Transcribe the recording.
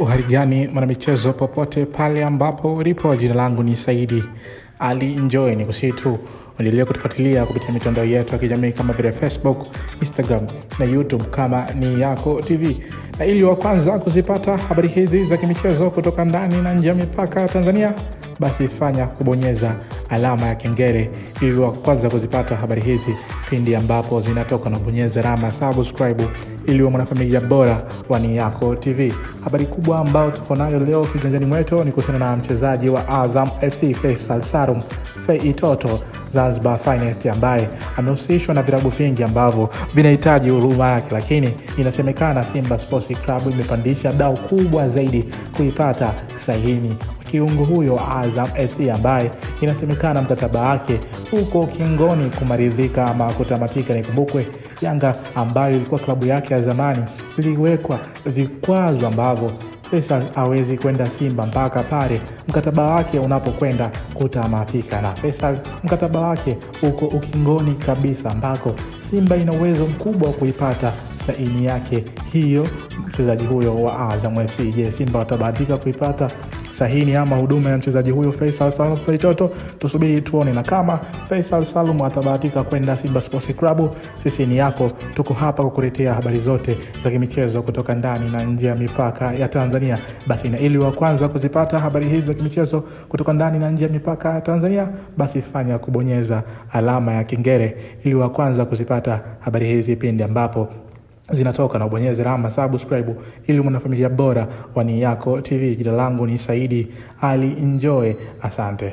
uharigani gani mwanamichezo, popote pale ambapo ulipo, jina langu ni Saidi Ali Njoe, ni kusii tu endelea kutufuatilia kupitia mitandao yetu ya kijamii kama vile Facebook, Instagram na YouTube kama ni Yako TV, na ili wa kwanza kuzipata habari hizi za kimichezo kutoka ndani na nje ya mipaka ya Tanzania basi fanya kubonyeza alama ya kengele ili wa kwanza kuzipata habari hizi pindi ambapo zinatoka, na bonyeza alama ya subscribe ili uwe mwanafamilia bora wa Niyako TV. Habari kubwa ambayo tuko nayo leo kiganjani mwetu ni kuhusiana na mchezaji wa Azam FC Faisal Salum Fei Toto Zanzibar Finest ambaye amehusishwa na vilabu vingi ambavyo vinahitaji huruma yake, lakini inasemekana Simba Sports Club imepandisha dau kubwa zaidi kuipata saini kiungo huyo Azam FC ambaye inasemekana mkataba wake huko kingoni kumaridhika ama kutamatika. Nikumbukwe Yanga ambayo ilikuwa klabu yake ya zamani iliwekwa vikwazo ambavyo pesa hawezi kwenda Simba mpaka pale mkataba wake unapokwenda kutamatika, na Faisal mkataba wake uko ukingoni kabisa, ambako Simba ina uwezo mkubwa wa kuipata saini yake hiyo mchezaji huyo wa Azam FC. Je, Simba watabahatika kuipata sahini ama huduma ya mchezaji huyo Faisal Salum Faitoto? Tusubiri tuone, na kama Faisal Salum atabahatika kwenda Simba Sports Club, sisi ni yako, tuko hapa kukuletea habari zote za kimichezo kutoka ndani na nje ya mipaka ya Tanzania. Basi na ili wa kwanza kuzipata habari hizi za kimichezo kutoka ndani na nje ya mipaka ya Tanzania, basi fanya kubonyeza alama ya kengele ili wa kwanza kuzipata habari hizi pindi ambapo zinatoka na ubonyeze rama subscribe ili mwanafamilia bora wa Ni Yako TV. Jina langu ni Saidi Ali Njoe, asante.